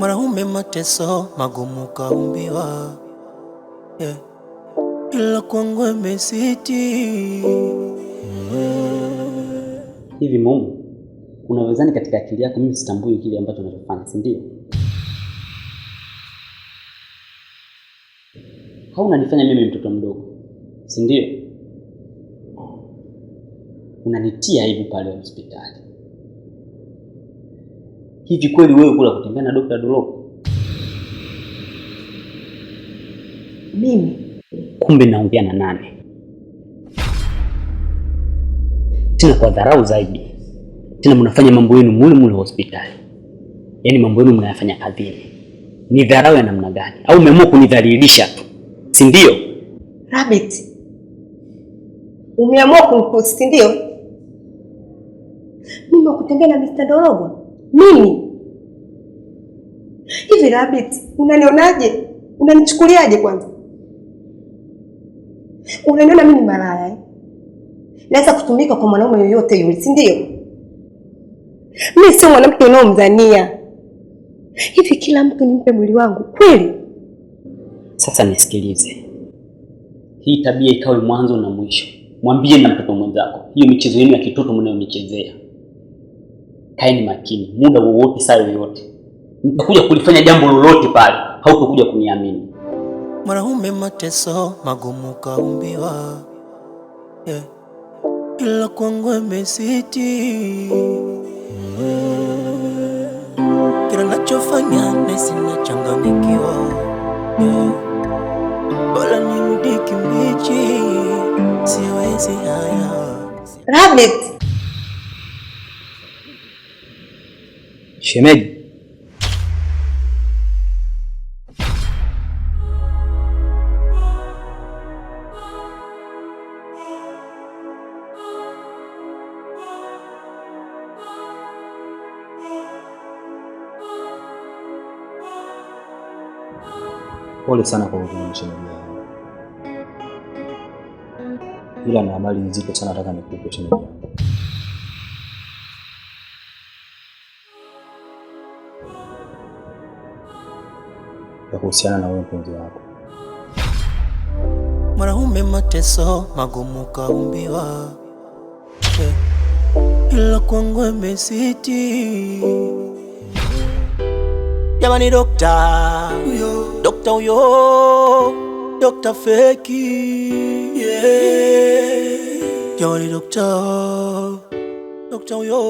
mwanaume mateso magumu kaumbiwa, yeah. Ila kwangu mesiti Hivi mumu, unawezani katika akili yako mimi sitambui kile ambacho unachofanya, si ndio? Au unanifanya mimi mtoto mdogo, si ndio? Unanitia aibu pale hospitali hivi kweli wewe kula kutembea na Dr. Doloko? Mimi kumbe naongea na nani? Tena kwa dharau zaidi, tena mnafanya mambo yenu mule mule hospitali, yaani mambo yenu mnayafanya kazini. Ni dharau ya namna gani? Au umeamua kunidhalilisha tu, si ndio? Rabbit, umeamua kuniposti ndio? Mimi wakutembea na Mr. Dorogo mimi hivi Rabbit, unanionaje? Unanichukuliaje? Kwanza unaniona mimi malaya eh? Naweza kutumika kwa mwanaume yoyote yule, si ndio? Mimi sio mwanamke unaomdhania. Hivi kila mtu nimpe mwili wangu kweli? Sasa nisikilize, hii tabia ikawe mwanzo na mwisho. Mwambie na mtoto mwenzako, hiyo michezo yenu ya kitoto mnayomichezea kaeni makini, muda wowote, saa yoyote, nitakuja kulifanya jambo lolote pale, hautokuja kuniamini. Mwanaume mateso magumu kaumbiwa, yeah. Ila kwangu mesiti mm. Kila nachofanya changanikiwa nachanganyikiwa yeah. ni nirudi siwezi haya Rabbit Shemeji, pole sana kwa huduma shemeji yangu, ila na habari nzito sana nataka nikupe shemeji yangu. ya kuhusiana na huyo mpenzi wako. Mwanaume mateso magumu kaumbiwa, ila kwangu imesiti. Jamani dokta, dokta huyo dokta feki, jamani dokta, dokta huyo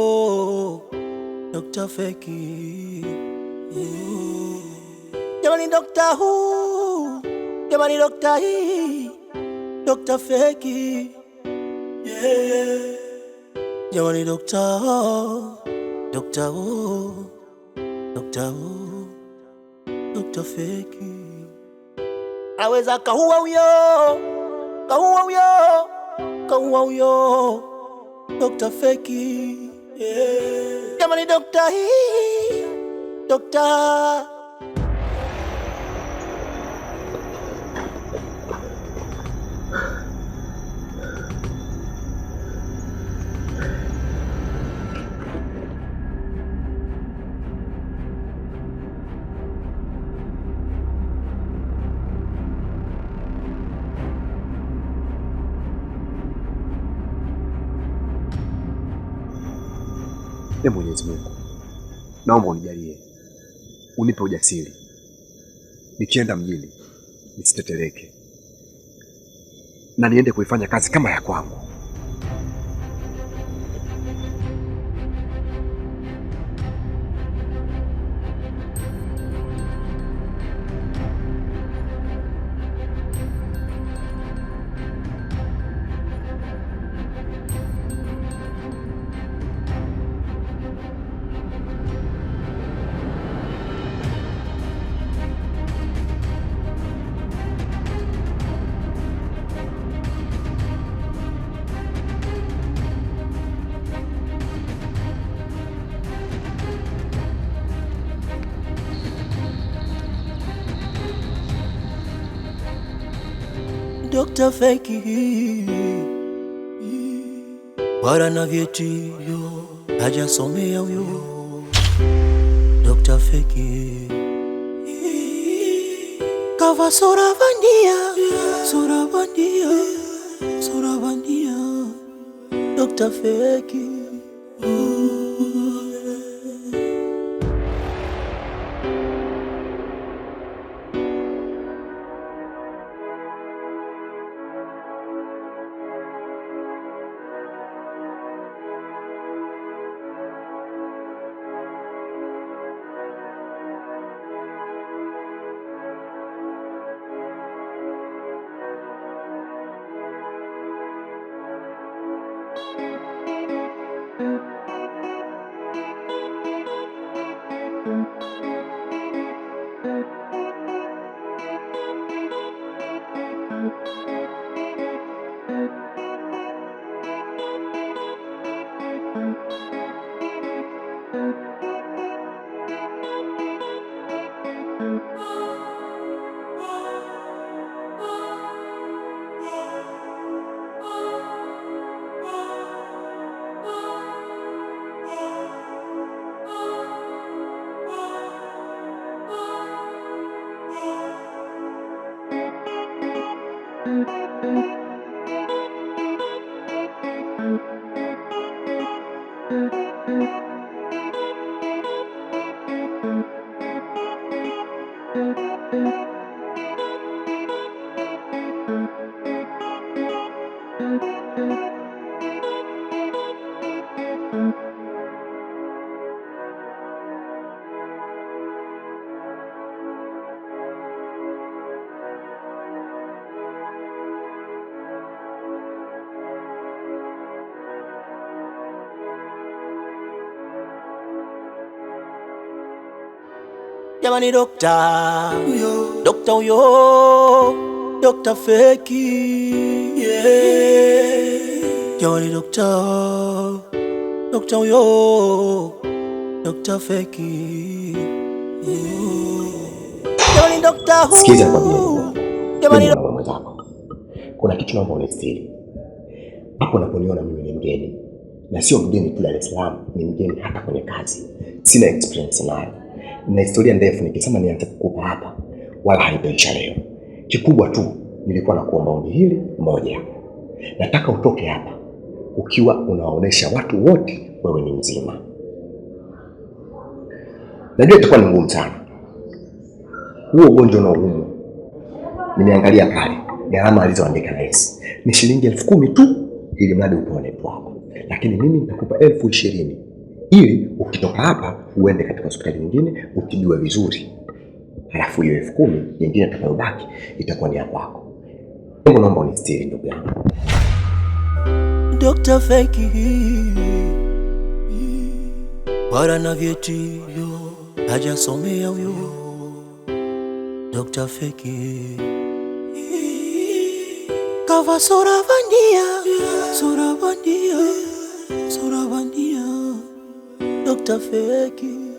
dokta feki. Jamani dokta hu, jamani dokta hii, dokta feki Jamani dokta ho, dokta hu, dokta hu, dokta feki aweza kaua huyo, kaua huyo, kaua huyo dokta feki Jamani dokta hii, dokta Ee Mwenyezi Mungu, naomba unijalie, unipe ujasiri, nikienda mjini nisiteteleke na niende kuifanya kazi kama ya kwangu. Dr. Feki bara na vyeti hajasomea huyo Dr. Feki kava sura bandia, sura bandia, sura bandia Dr. Feki Thank you. jamani, dokta dokta huyo dokta feki jamani, yeah. Dokta dokta huyo dokta feki jamani, dokta mwenzako, kuna kitu naomba unistiri hapo unaponiona mimi ni mgeni na sio mgeni tu Dar es Salaam, ni mgeni hata kwenye kazi, sina experience nayo na historia ndefu, nikisema nianze kukupa hapa wala haitaisha leo. Kikubwa tu nilikuwa na kuomba ombi hili moja, nataka utoke hapa ukiwa unawaonesha watu wote wewe ni mzima. Najua itakuwa ni ngumu sana, huo ugonjwa na ugumu. Nimeangalia pale gharama alizoandika na ni shilingi elfu kumi tu, ili mradi upone wako, lakini mimi nitakupa elfu ishirini ili ukitoka hapa uende katika hospitali nyingine ukijua vizuri, halafu hiyo elfu kumi nyingine atakayobaki itakuwa ni ya kwako. Hebu naomba unistiri ndugu yangu. Dr. Feki bora na vyeti hajasomea huyo Dr. Feki kava sura bandia, sura bandia, sura bandia muita fé que